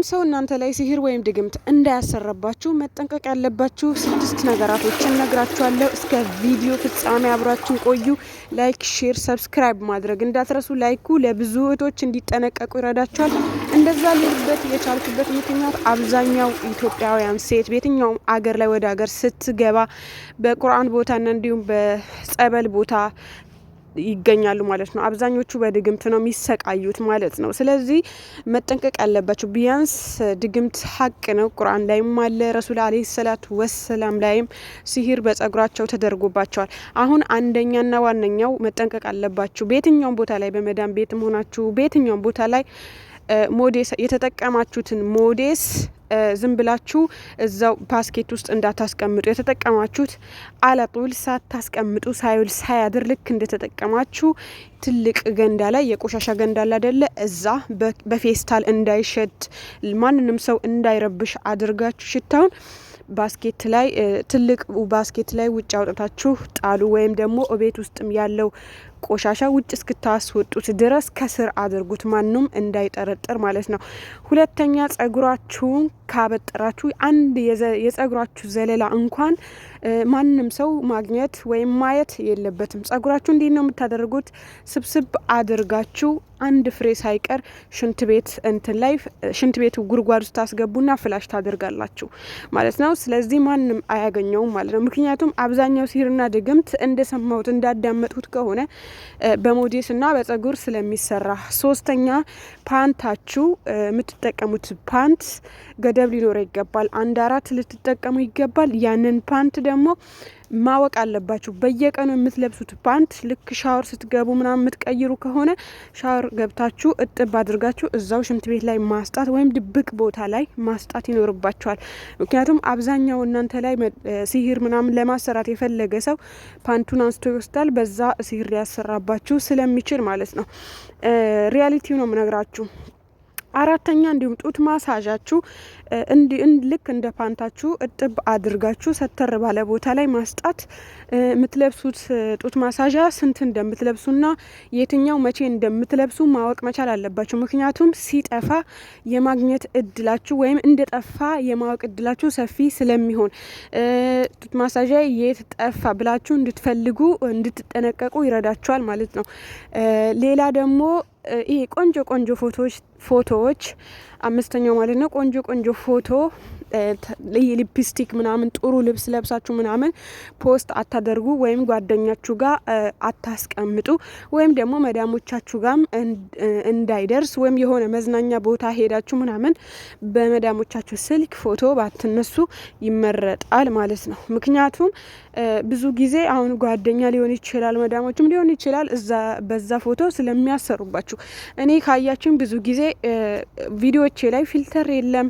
ማንም ሰው እናንተ ላይ ሲህር ወይም ድግምት እንዳያሰራባችሁ መጠንቀቅ ያለባችሁ ስድስት ነገራቶችን ነግራችኋለሁ። እስከ ቪዲዮ ፍጻሜ አብራችን ቆዩ። ላይክ፣ ሼር፣ ሰብስክራይብ ማድረግ እንዳትረሱ። ላይኩ ለብዙ እህቶች እንዲጠነቀቁ ይረዳችኋል። እንደዛ ሊሆንበት የቻልኩበት ምክንያት አብዛኛው ኢትዮጵያውያን ሴት በየትኛውም አገር ላይ ወደ ሀገር ስትገባ በቁርአን ቦታና እንዲሁም በጸበል ቦታ ይገኛሉ ማለት ነው። አብዛኞቹ በድግምት ነው የሚሰቃዩት ማለት ነው። ስለዚህ መጠንቀቅ ያለባቸው ቢያንስ ድግምት ሀቅ ነው። ቁርአን ላይም አለ ረሱል አለይሂ ሰላቱ ወሰላም ላይም ሲሂር በጸጉራቸው ተደርጎባቸዋል። አሁን አንደኛና ዋነኛው መጠንቀቅ አለባችሁ። በየትኛውም ቦታ ላይ በመዳን ቤት መሆናችሁ፣ በየትኛውም ቦታ ላይ ሞዴስ የተጠቀማችሁትን ሞዴስ ዝም ብላችሁ እዛው ባስኬት ውስጥ እንዳታስቀምጡ። የተጠቀማችሁት አለጡል ሳታስቀምጡ ሳይውል ሳያድር ልክ እንደተጠቀማችሁ ትልቅ ገንዳ ላይ የቆሻሻ ገንዳ ላይ አይደለ እዛ በፌስታል እንዳይሸት ማንንም ሰው እንዳይረብሽ አድርጋችሁ ሽታውን ባስኬት ላይ ትልቅ ባስኬት ላይ ውጭ አውጥታችሁ ጣሉ። ወይም ደግሞ ቤት ውስጥም ያለው ቆሻሻ ውጭ እስክታስወጡት ድረስ ከስር አድርጉት፣ ማንም እንዳይጠረጥር ማለት ነው። ሁለተኛ ጸጉራችሁን ካበጠራችሁ አንድ የጸጉራችሁ ዘለላ እንኳን ማንም ሰው ማግኘት ወይም ማየት የለበትም። ጸጉራችሁ እንዲህ ነው የምታደርጉት፣ ስብስብ አድርጋችሁ አንድ ፍሬ ሳይቀር ሽንት ቤት እንትን ላይ ሽንት ቤት ጉድጓድ ውስጥ ታስገቡና ፍላሽ ታደርጋላችሁ ማለት ነው። ስለዚህ ማንም አያገኘውም ማለት ነው። ምክንያቱም አብዛኛው ሲህርና ድግምት እንደሰማሁት እንዳዳመጥሁት ከሆነ በሞዴስ እና በጸጉር ስለሚሰራ። ሶስተኛ ፓንታችሁ የምትጠቀሙት ፓንት ገደብ ሊኖረው ይገባል። አንድ አራት ልትጠቀሙ ይገባል። ያንን ፓንት ደግሞ ማወቅ አለባችሁ። በየቀኑ የምትለብሱት ፓንት ልክ ሻወር ስትገቡ ምናምን የምትቀይሩ ከሆነ ሻወር ገብታችሁ እጥብ አድርጋችሁ እዛው ሽንት ቤት ላይ ማስጣት ወይም ድብቅ ቦታ ላይ ማስጣት ይኖርባችኋል። ምክንያቱም አብዛኛው እናንተ ላይ ሲሂር ምናምን ለማሰራት የፈለገ ሰው ፓንቱን አንስቶ ይወስዳል። በዛ ሲሂር ሊያሰራባችሁ ስለሚችል ማለት ነው። ሪያሊቲው ነው የምነግራችሁ። አራተኛ እንዲሁም ጡት ማሳዣችሁ ልክ እንደ ፓንታችሁ እጥብ አድርጋችሁ ሰተር ባለ ቦታ ላይ ማስጣት። የምትለብሱት ጡት ማሳዣ ስንት እንደምትለብሱና የትኛው መቼ እንደምትለብሱ ማወቅ መቻል አለባችሁ። ምክንያቱም ሲጠፋ የማግኘት እድላችሁ ወይም እንደጠፋ የማወቅ እድላችሁ ሰፊ ስለሚሆን ጡት ማሳዣ የት ጠፋ ብላችሁ እንድትፈልጉ እንድትጠነቀቁ ይረዳችኋል ማለት ነው። ሌላ ደግሞ ይሄ ቆንጆ ቆንጆ ፎቶዎች ፎቶዎች አምስተኛው ማለት ነው። ቆንጆ ቆንጆ ፎቶ ሊፕስቲክ ምናምን ጥሩ ልብስ ለብሳችሁ ምናምን ፖስት አታደርጉ፣ ወይም ጓደኛችሁ ጋር አታስቀምጡ፣ ወይም ደግሞ መዳሞቻችሁ ጋም እንዳይደርስ ወይም የሆነ መዝናኛ ቦታ ሄዳችሁ ምናምን በመዳሞቻችሁ ስልክ ፎቶ ባትነሱ ይመረጣል ማለት ነው። ምክንያቱም ብዙ ጊዜ አሁን ጓደኛ ሊሆን ይችላል መዳሞችም ሊሆን ይችላል እዛ በዛ ፎቶ ስለሚያሰሩባችሁ እኔ ካያችሁን ብዙ ጊዜ ቪዲዮቼ ላይ ፊልተር የለም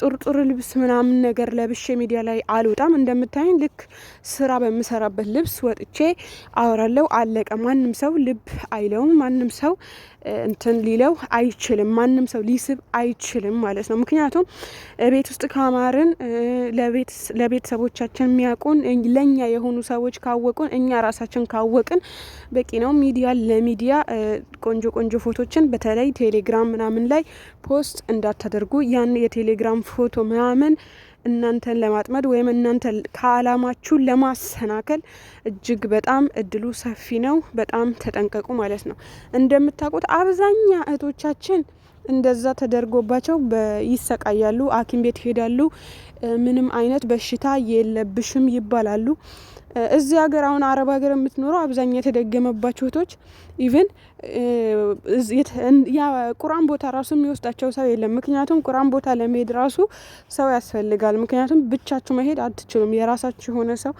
ጥርጥር ልብስ ምናምን ነገር ለብሼ ሚዲያ ላይ አልወጣም። እንደምታይን ልክ ስራ በምሰራበት ልብስ ወጥቼ አወራለሁ። አለቀ። ማንም ሰው ልብ አይለውም። ማንም ሰው እንትን ሊለው አይችልም። ማንም ሰው ሊስብ አይችልም ማለት ነው። ምክንያቱም ቤት ውስጥ ካማርን ለቤተሰቦቻችን የሚያውቁን ለእኛ የሆኑ ሰዎች ካወቁን እኛ ራሳችን ካወቅን በቂ ነው። ሚዲያ ለሚዲያ ቆንጆ ቆንጆ ፎቶችን በተለይ ቴሌግራም ምናምን ላይ ፖስት እንዳታደርጉ። ያን የቴሌግራም ፎቶ ምናምን እናንተን ለማጥመድ ወይም እናንተ ከአላማችሁ ለማሰናከል እጅግ በጣም እድሉ ሰፊ ነው። በጣም ተጠንቀቁ ማለት ነው። እንደምታውቁት አብዛኛ እህቶቻችን እንደዛ ተደርጎባቸው ይሰቃያሉ፣ ሐኪም ቤት ይሄዳሉ። ምንም አይነት በሽታ የለብሽም ይባላሉ። እዚህ ሀገር አሁን አረብ ሀገር የምትኖረው አብዛኛው የተደገመባቸው እህቶች ኢቨን ያ ቁርአን ቦታ ራሱ የሚወስዳቸው ሰው የለም። ምክንያቱም ቁርአን ቦታ ለመሄድ ራሱ ሰው ያስፈልጋል። ምክንያቱም ብቻችሁ መሄድ አትችሉም። የራሳችሁ የሆነ ሰው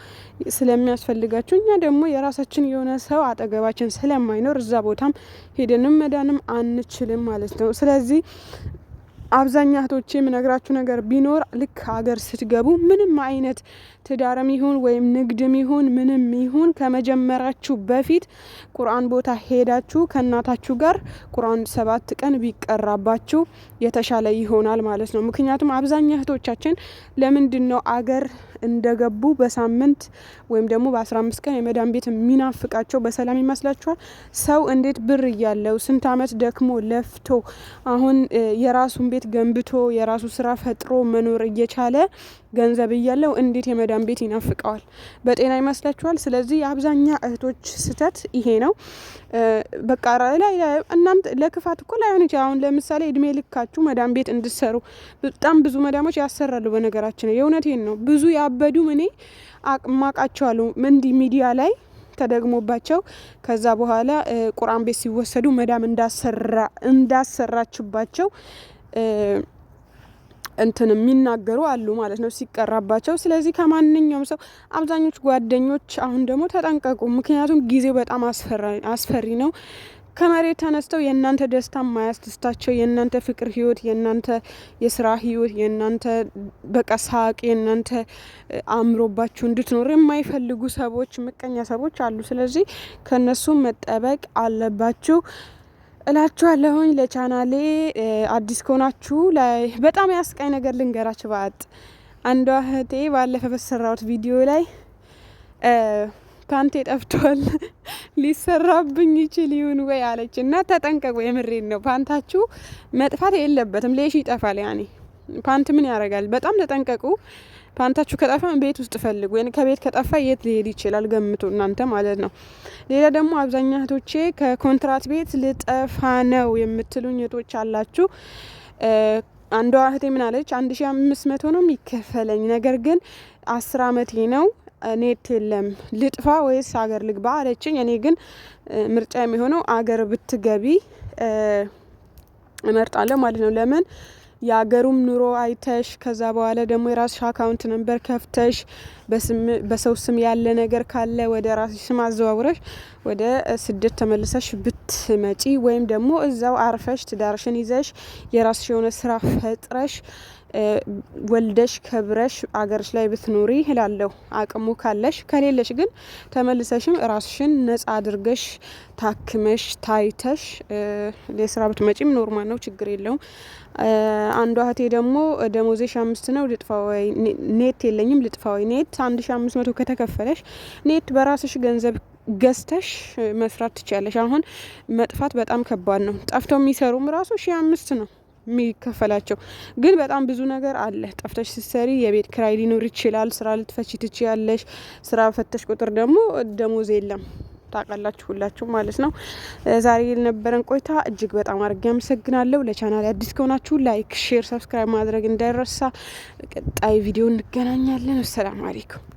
ስለሚያስፈልጋችሁ፣ እኛ ደግሞ የራሳችን የሆነ ሰው አጠገባችን ስለማይኖር እዛ ቦታም ሄደንም መዳንም አንችልም ማለት ነው። ስለዚህ አብዛኛ እህቶቼ የምነግራችሁ ነገር ቢኖር ልክ ሀገር ስትገቡ ምንም አይነት ትዳርም ይሁን ወይም ንግድም ይሁን ምንም ይሁን ከመጀመራችሁ በፊት ቁርአን ቦታ ሄዳችሁ ከእናታችሁ ጋር ቁርአን ሰባት ቀን ቢቀራባችሁ የተሻለ ይሆናል ማለት ነው። ምክንያቱም አብዛኛ እህቶቻችን ለምንድን ነው አገር እንደገቡ በሳምንት ወይም ደግሞ በአስራ አምስት ቀን የመዳን ቤት የሚናፍቃቸው በሰላም ይመስላችኋል? ሰው እንዴት ብር እያለው ስንት አመት ደክሞ ለፍቶ አሁን የራሱን ቤት ገንብቶ የራሱ ስራ ፈጥሮ መኖር እየቻለ ገንዘብ እያለው እንዴት የመዳን ቤት ይናፍቀዋል? በጤና ይመስላችኋል? ስለዚህ የአብዛኛ እህቶች ስህተት ይሄ ነው። በቃ ላይ እናንተ ለክፋት እኮ ላይሆን ይችላል። አሁን ለምሳሌ እድሜ ልካችሁ መዳን ቤት እንድሰሩ በጣም ብዙ መዳሞች ያሰራሉ። በነገራችን የእውነቴን ነው። ብዙ ያበዱ እኔ አቅማቃቸዋሉ ምንዲ ሚዲያ ላይ ተደግሞባቸው ከዛ በኋላ ቁርአን ቤት ሲወሰዱ መዳም እንዳሰራ እንዳሰራችባቸው እንትን የሚናገሩ አሉ ማለት ነው ሲቀራባቸው። ስለዚህ ከማንኛውም ሰው አብዛኞቹ ጓደኞች አሁን ደግሞ ተጠንቀቁ፣ ምክንያቱም ጊዜው በጣም አስፈሪ ነው። ከመሬት ተነስተው የእናንተ ደስታ ማያስደስታቸው የእናንተ ፍቅር ህይወት፣ የእናንተ የስራ ህይወት፣ የእናንተ በቃ ሳቅ፣ የእናንተ አእምሮባችሁ እንድትኖሩ የማይፈልጉ ሰዎች፣ ምቀኛ ሰዎች አሉ። ስለዚህ ከእነሱ መጠበቅ አለባችሁ። እላችኋለሁኝ። ለቻናሌ አዲስ ከሆናችሁ ላይ በጣም ያስቃኝ ነገር ልንገራችሁ። በአጥ አንዷ እህቴ ባለፈ በሰራሁት ቪዲዮ ላይ ፓንቴ ጠፍቷል ሊሰራብኝ ይችል ይሁን ወይ አለች እና ተጠንቀቁ። የምሬን ነው። ፓንታችሁ መጥፋት የለበትም። ሌሽ ይጠፋል። ያኔ ፓንት ምን ያደርጋል? በጣም ተጠንቀቁ። ፓንታችሁ ከጠፋ ቤት ውስጥ ፈልጉ። ወይ ከቤት ከጠፋ የት ሊሄድ ይችላል? ገምቱ እናንተ ማለት ነው። ሌላ ደግሞ አብዛኛ እህቶቼ ከኮንትራት ቤት ልጠፋ ነው የምትሉኝ እህቶች አላችሁ። አንዷ እህቴ ምን አለች? አንድ ሺ አምስት መቶ ነው የሚከፈለኝ ነገር ግን አስር አመቴ ነው ኔት የለም ልጥፋ ወይስ አገር ልግባ አለችኝ። እኔ ግን ምርጫ የሚሆነው አገር ብትገቢ እመርጣለሁ ማለት ነው። ለምን የአገሩም ኑሮ አይተሽ ከዛ በኋላ ደግሞ የራስሽ አካውንት ነንበር ከፍተሽ በሰው ስም ያለ ነገር ካለ ወደ ራስሽ ስም አዘዋውረሽ ወደ ስደት ተመልሰሽ ብትመጪ ወይም ደግሞ እዛው አርፈሽ ትዳርሽን ይዘሽ የራስሽ የሆነ ስራ ፈጥረሽ ወልደሽ ከብረሽ አገርሽ ላይ ብትኖሪ እላለሁ። አቅሙ ካለሽ፣ ከሌለሽ ግን ተመልሰሽም ራስሽን ነጻ አድርገሽ ታክመሽ ታይተሽ የስራ ብትመጪም ኖርማል ነው፣ ችግር የለውም። አንዷ እህቴ ደግሞ ደሞዜሽ አምስት ነው ልጥፋዊ ኔት የለኝም ልጥፋዊ ኔት አንድ ሺ አምስት መቶ ከተከፈለሽ ኔት በራስሽ ገንዘብ ገዝተሽ መስራት ትችያለሽ። አሁን መጥፋት በጣም ከባድ ነው። ጠፍተው የሚሰሩም ራሱ ሺ አምስት ነው የሚከፈላቸው ግን በጣም ብዙ ነገር አለ። ጠፍተሽ ስትሰሪ የቤት ክራይ ሊኖር ይችላል። ስራ ልትፈች ትችያለሽ። ስራ ፈተሽ ቁጥር ደግሞ ደሞዝ የለም። ታውቃላችሁ ሁላችሁ ማለት ነው። ዛሬ የነበረን ቆይታ እጅግ በጣም አድርጌ አመሰግናለሁ። ለቻናል አዲስ ከሆናችሁ ላይክ፣ ሼር፣ ሰብስክራይብ ማድረግ እንዳይረሳ። ቀጣይ ቪዲዮ እንገናኛለን። ሰላም አለይኩም